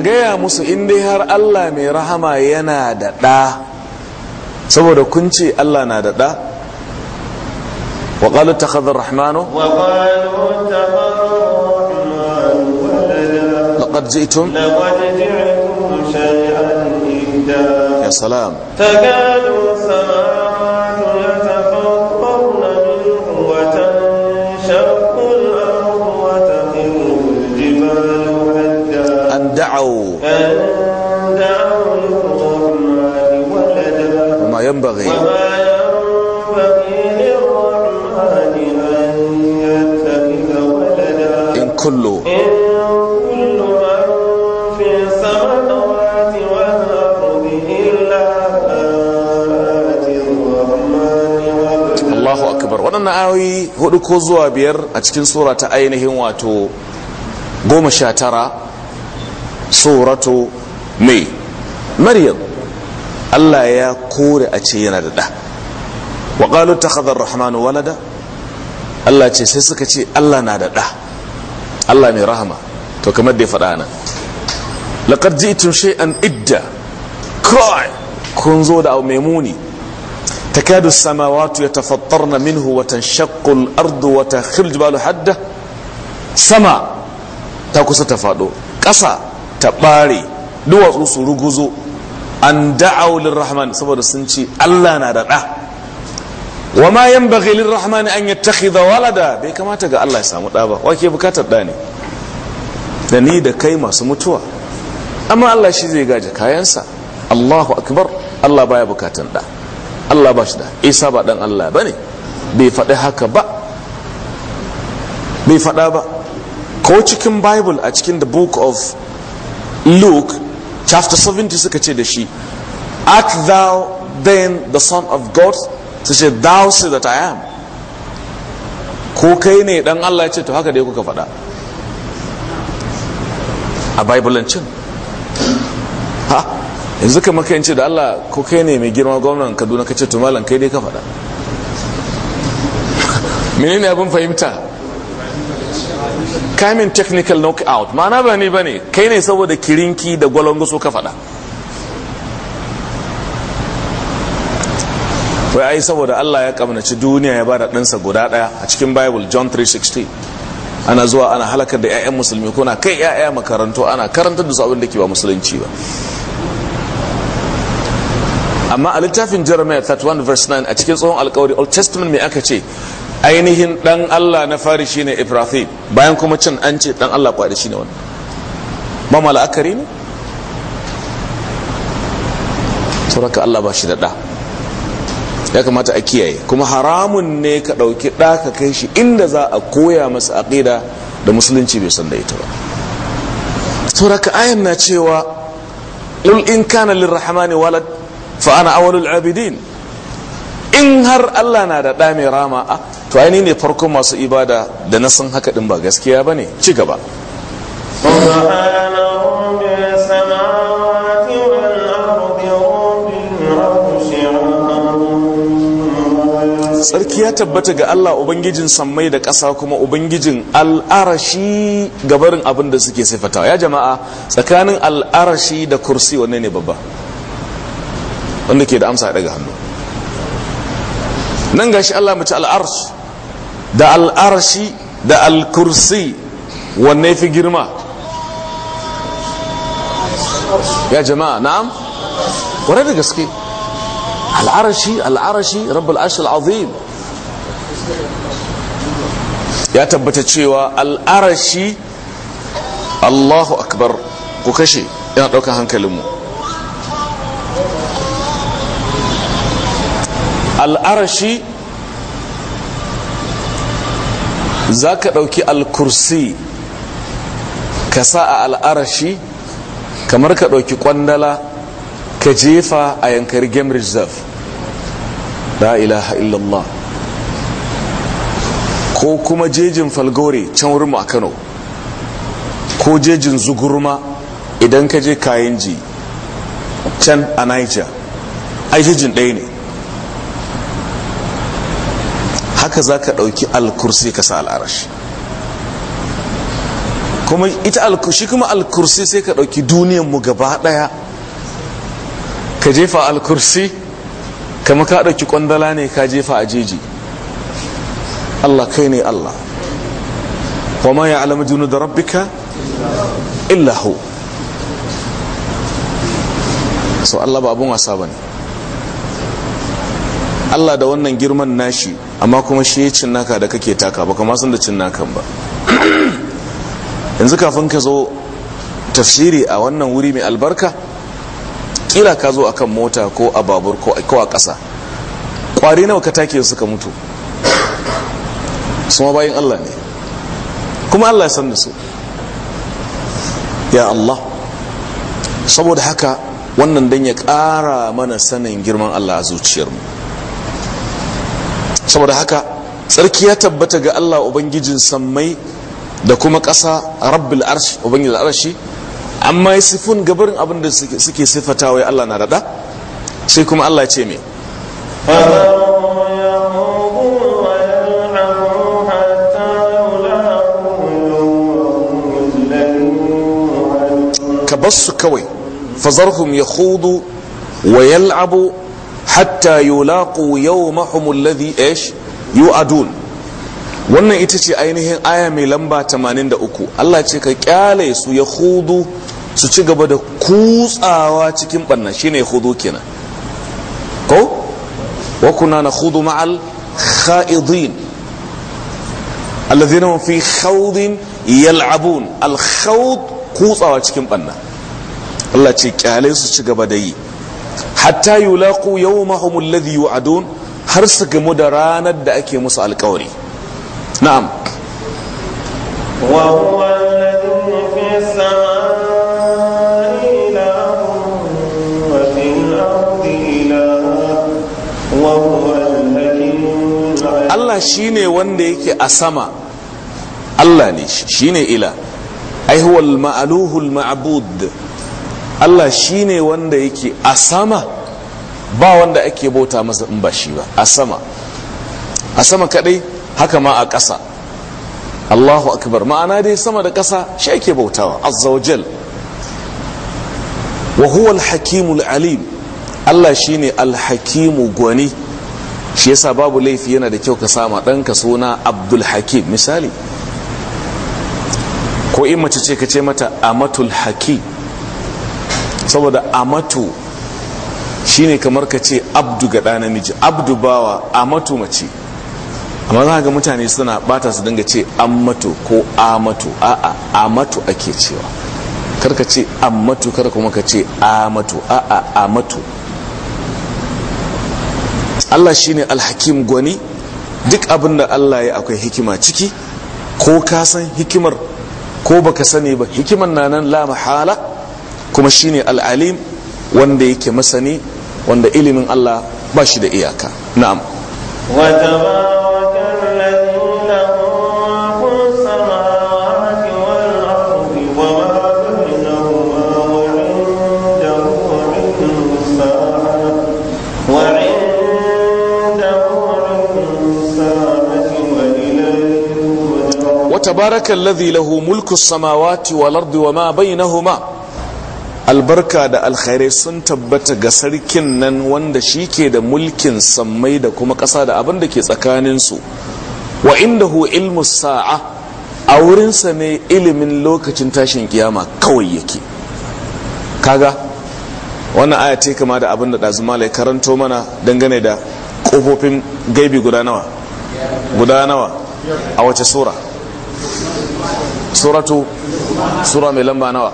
ka gaya musu in dai har Allah mai rahama yana da ɗa saboda kun ce Allah na da ɗa wa qalu takhadha rahmanu wa qalu ya salam tagadu samaa kullu Allahu akbar waɗannan ayoyi hudu ko zuwa biyar a cikin surata ainihin wato goma sha tara suratu mai maryam Allah ya kore a ce yana da ɗa wa ƙalu ta rahmanu walada Allah ce sai suka ce Allah na da ɗa Allah mai rahama to kamar da ya faɗa nan laqad ji'tum shay'an idda kai kun zo da abu mai muni takadu samawati yatafattarna minhu wa tanshaqqu al-ardu wa takhruju jibalu hadda sama ta kusa ta faɗo ƙasa ta ɓare duwatsu su ruguzo an da'awulin rahman saboda sun ce allah na da wa ma yan yanbaghi lirrahman an yattakhidha walada bai kamata ga Allah ya samu da ba wake bukatar da ne da ni da kai masu mutuwa amma Allah shi zai gaje kayansa Allahu akbar Allah baya bukatan da Allah ba shi da Isa ba dan Allah ba ne, bai faɗi haka ba bai faɗa ba ko cikin Bible a cikin the book of Luke chapter 70 suka ce da shi art thou then the son of God su ce thou say that I am ko kai ne dan Allah ya ce to haka dai kuka faɗa a bibilancin ha yanzu ka kai yance da Allah ko kai ne mai girma gwamnan Kaduna ka ce to malam kai dai ka faɗa menene abin fahimta kamin technical knockout ma'ana ba ne ne kai ne saboda kirinki da gwalongo so ka faɗa wai ai saboda Allah ya kamnaci duniya ya bada ɗansa guda ɗaya a cikin bible john 3:16 ana zuwa ana halakar da 'ya'yan musulmi ko na kai 'ya'ya makarantu ana karantar da su abin da ke ba musulunci ba amma a littafin jeremiah 31 a cikin tsohon alkawari old testament mai aka ce ainihin dan allah na fari shine ibrahim bayan kuma cin an ce dan allah kwaɗe shine wannan ba ma la'akari ne sauraka allah ba shi da ɗa ya kamata a kiyaye kuma haramun ne ka ɗauki ɗa ka kai shi inda za a koya masa aƙida da musulunci bai san da ita ba suraka ayan na cewa ƙul in kana lirrahmani walad fa ana awwalul abidin in har Allah na da ɗa mai rama a to aini ne farkon masu ibada da na san haka din ba gaskiya bane ci gaba tsarki ya tabbata ga Allah ubangijin sammai da ƙasa kuma ubangijin al'arashi gabarin abin da suke sifatawa ya jama'a tsakanin al'arashi da kursi wanne ne babba wanda ke da amsa daga hannu nan gashi Allah mace al'arsh da al'arashi da al-kursi wanne fi girma ya jama'a na'am wane da gaske al'arashi al'arashi rabbul arshil azim ya tabbata cewa al'arashi Allahu akbar ku kashe yana ɗaukar hankalinmu al'arashi za ka ɗauki al-kursi ka sa a al'arashi kamar ka ɗauki ƙwandala ka jefa a yankari game reserve da ilaha illallah ko kuma jejin falgore can wurin a kano ko jejin zugurma idan ka je kayan ji can a niger ai jejin ɗaya ne haka za ka ɗauki alkursi ka sa al'arashi kuma ita shi kuma alkursi sai ka ɗauki mu gaba ɗaya ka jefa alkursi kama ka ɗauki ƙwandala ne ka jefa a jeji Allah kai ne Allah wa ma ya alama junu da rabbika illahu so Allah ba abin wasa ba ne Allah da wannan girman nashi amma kuma shi ya cin naka da kake taka ba kama sun da cin nakan ba yanzu kafin ka zo tafsiri a wannan wuri mai albarka kila ka zo akan mota ko a babur ko a ƙasa ƙwari nawa ka take suka mutu su bayan Allah ne kuma Allah ya san da su ya Allah saboda haka wannan dan ya ƙara mana sanin girman Allah a zuciyarmu saboda haka tsarki ya tabbata ga Allah ubangijin sammai da kuma ƙasa rabbil arshi ubangijin arshi amma ya sifun gabarin abin da suke sifata wai Allah na rada sai kuma Allah ce me ka basu kawai fazarhum ya hudu wa yal'abu hatta yulaqu yawmahum alladhi ish yu'adun wannan ita ce ainihin aya mai lamba 83 Allah ce ka kyale su ya hudu su ci gaba da kutsawa cikin banna shine hudu kenan ko wa kuna na hudu ma'al kha'idin alladhina hum fi khawdin yal'abun al khawd kutsawa cikin banna Allah ce kyale su ci gaba da yi hatta yulaqu yawmahum alladhi yu'adun har su gamu da ranar da ake musu alkawari na'am wa huwa Allah shine wanda yake a sama Allah ne shi ila ai huwa al-ma'luhu al-ma'bud Allah shine wanda yake a sama ba wanda ake bauta masa in ba shi ba a sama a sama kadai haka ma a ƙasa Allahu akbar ma'ana dai sama da ƙasa shi ake bautawa azzawajal wa huwal hakimul alim Allah shine al-hakimu gwani shi yasa babu laifi yana da kyau ka sama ɗanka suna abdul hakim misali ko in mace ce ka ce mata amatul hakim saboda amatu shine kamar ka ce abdu ga ɗa namiji abdu bawa amatu mace amma za ga mutane suna bata su dinga ce amatu ko amatu a'a amatu ake cewa karka ce amatu kar kuma ka ce amatu a'a amatu Allah shine alhakim gwani duk abin da Allah ya akwai hikima ciki ko ka san hikimar ko baka sani ba hikimar na nan la mahala kuma shine al'alim wanda yake masani wanda ilimin Allah ba shi da iyaka na'am tabaraka alladhi lahu mulku samawati wal bai wama bainahuma albarka da alkhairai sun tabbata ga sarkin nan wanda shi ke da mulkin sammai da kuma ƙasa da abin da ke tsakaninsu wa hu ilmu sa'a a wurinsa ne ilimin lokacin tashin ƙiyama kawai yake kaga wannan aya ce kama da abin da ɗazumala ya karanto mana dangane da ƙofofin gaibi guda nawa a wace sura suratu sura mai lamba nawa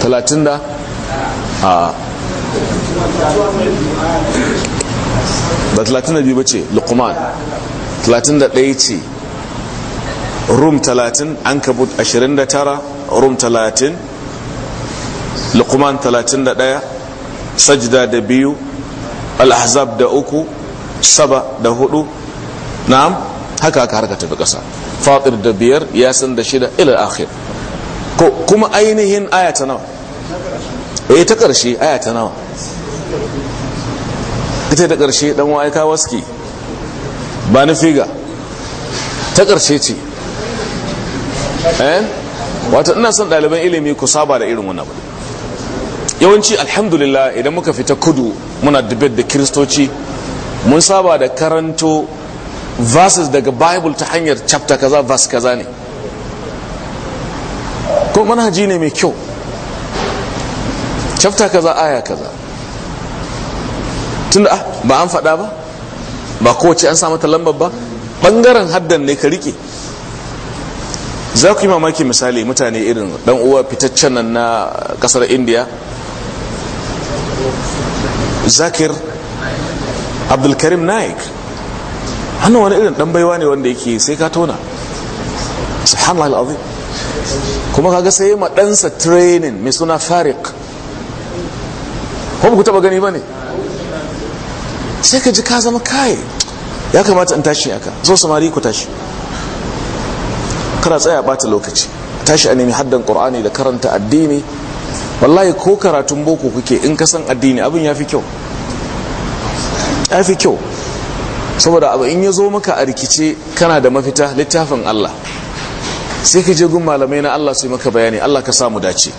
30 da a ba 32 ba ce luqman 31 ce rum 30 an kabut 29 rum 30 luqman 31 sajda da biyu al-ahzab da uku saba da hudu na'am haka haka harka tafi ƙasa fatir da biyar ya san da shida ilal akhir ko kuma ainihin aya ta nawa eh ta ƙarshe aya ta nawa ita ta ƙarshe dan aika waski ba ni figa ta ƙarshe ce eh wato ina son ɗaliban ilimi ku saba da irin wannan yawanci alhamdulillah idan muka fita kudu muna dubbe da kiristoci mun saba da karanto verses daga bible ta hanyar chapter kaza verse kaza ne ko manhaji ne mai kyau chapter kaza aya kaza tunda ah ba an faɗa ba ba kowace an samu ta lambar ba ɓangaren haddan ne ka rike za ku yi mamaki misali mutane irin dan uwa fitaccen nan na kasar indiya. zakir abdulkarim naik hannu wani irin dan baiwa ne wanda yake sai ka tona subhanallah al'azim kuma kaga sai yi ɗansa training mai suna farik kuma ku taba gani ba ne sai ka ji ka zama kaye ya kamata in tashi aka zo samari ku tashi kana tsaya bata lokaci tashi a nemi haddan qur'ani da karanta addini wallahi ko karatun boko kuke in ka san addini abin ya fi kyau ya fi kyau saboda abu in ya zo maka a rikice kana da mafita littafin Allah sai ka je gun malamai na Allah su yi maka bayani Allah ka samu dace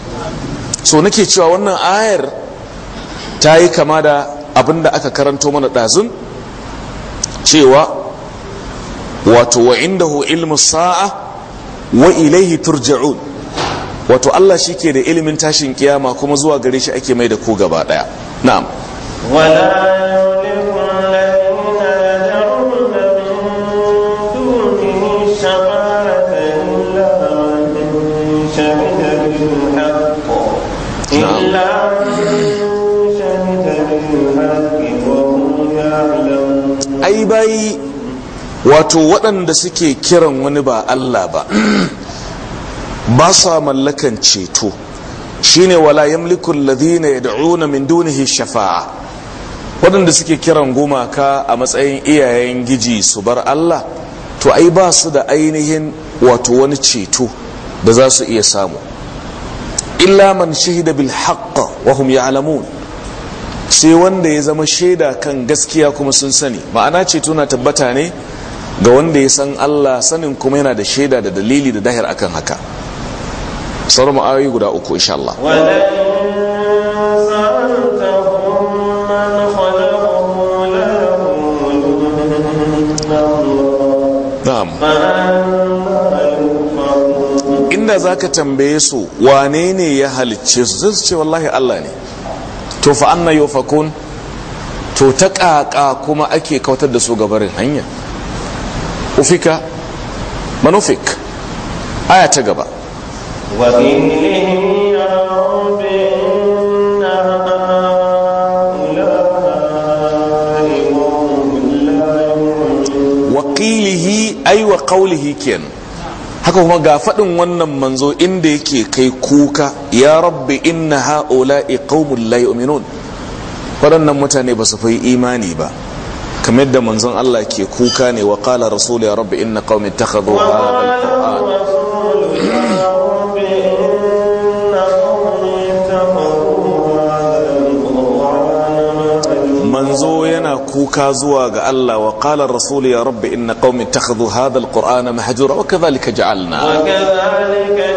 so nake cewa wannan ayar ta yi kama da abin da aka karanto mana ɗazun cewa wato wa inda hu ilmu sa'a wa ilaihi turja'un wato Allah shi ke da ilimin tashin kiyama kuma zuwa gare shi ake mai da ko gaba ɗaya na'am wato waɗanda suke kiran wani ba Allah ba ba sa mallakan ceto shine wala yamliku alladhina yad'una min dunihi shafa'a waɗanda suke kiran gumaka a matsayin iyayen giji su bar Allah to ai ba su da ainihin wato wani ceto da za su iya samu illa man shahida bil haqq wa hum ya'lamun sai wanda ya zama shaida kan gaskiya kuma sun sani ma'ana ceto na tabbata ne ga wanda ya san Allah sanin kuma yana da shaida da dalili da dahir akan haka sauran ma'ayoyi guda uku insha Allah inda za ka tambaye su wane ne ya halicce su zai ce wallahi Allah ne to fa anna yufakun to ta kaka kuma ake kautar da su gabarin hanyar? nufika manufik aya ta gaba waƙilihi aiwa wa kenan haka kuma ga faɗin wannan manzo inda yake kai kuka ya rabbi inna ha'ula'i qaumun la yu'minun waɗannan mutane ba su fi imani ba kamar da manzon Allah ke kuka ne wa qala rasul ya rabbi inna qaumi ittakhadhu hadha alquran manzo yana kuka zuwa ga Allah wa qala rasul ya rabbi inna qaumi ittakhadhu hadha alqur'ana mahjura wa kadhalika ja'alna wa kadhalika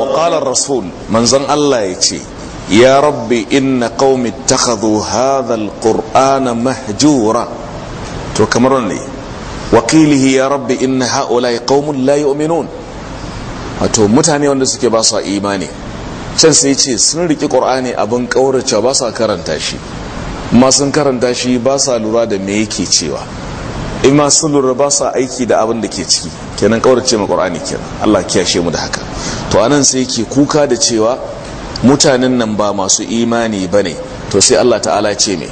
وقال الرسول من زن الله يتي يا ربي إن قوم اتخذوا هذا القرآن مهجورا تكمرون لي وقيله يا ربي إن هؤلاء قوم لا يؤمنون wato mutane wanda suke ba imani can sai ce sun riki qur'ani abin kaurace ba sa karanta shi amma sun karanta shi ba sa lura da me yake cewa in ma sun ba sa aiki da abin da ke ciki kenan kaurace ma qur'ani kenan Allah kiyashe mu da haka to anan sai ke kuka da cewa mutanen nan ba masu imani bane to sai Allah ta'ala ce me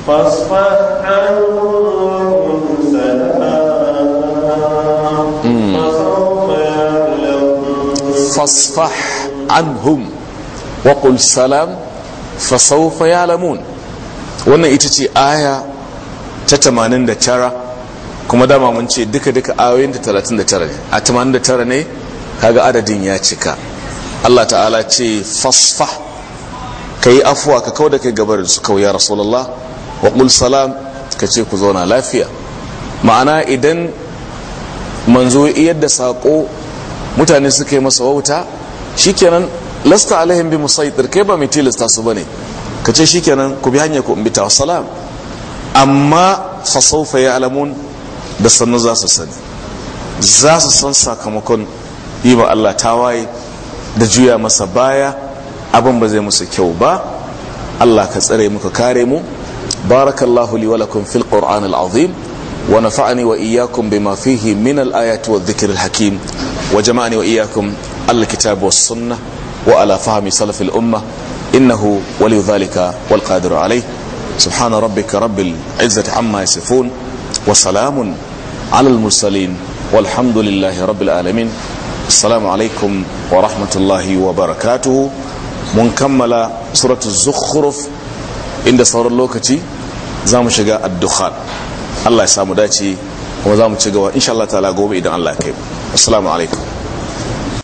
hmm. fasfah anhum wa qul salam ya ya'lamun wannan ita ce aya ta 89 kuma dama mun ce duka-duka ayoyin da 39 ne a 89 ne kaga adadin ya cika Allah ta'ala ce fasfa ka yi afuwa ka kawo da kai gabarin su kawai ya rasulallah wa ƙul salam ka ce ku zauna lafiya ma'ana idan manzo yadda saƙo mutane suka yi masa wauta shikenan lasta alaihim bi musaitir kai ba mai tilasta su bane ka ce shikenan ku bi hanya ku in bi salam amma fasaufa ya alamun da sannu za su sani za su san sakamakon yi ma Allah tawaye da juya masa baya abin ba zai musu kyau ba Allah ka tsare muka kare mu barakallahu li wa fil qur'an al-azim wa nafa'ani wa iyyakum bima fihi min al-ayati wadh-dhikr al-hakim wa jama'ani wa iyyakum al-kitab was-sunnah wa ala fahmi salaf al-ummah innahu waliy dhalika wal qadir alayh subhana rabbika rabbil izzati amma yasifun wa salamun على المرسلين والحمد لله رب العالمين السلام عليكم ورحمة الله وبركاته mun kammala suratul zukhruf inda sauran lokaci za mu shiga addukhan Allah ya mu dace kuma za mu ci gaba insha Allah ta'ala gobe idan Allah ya kai alaikum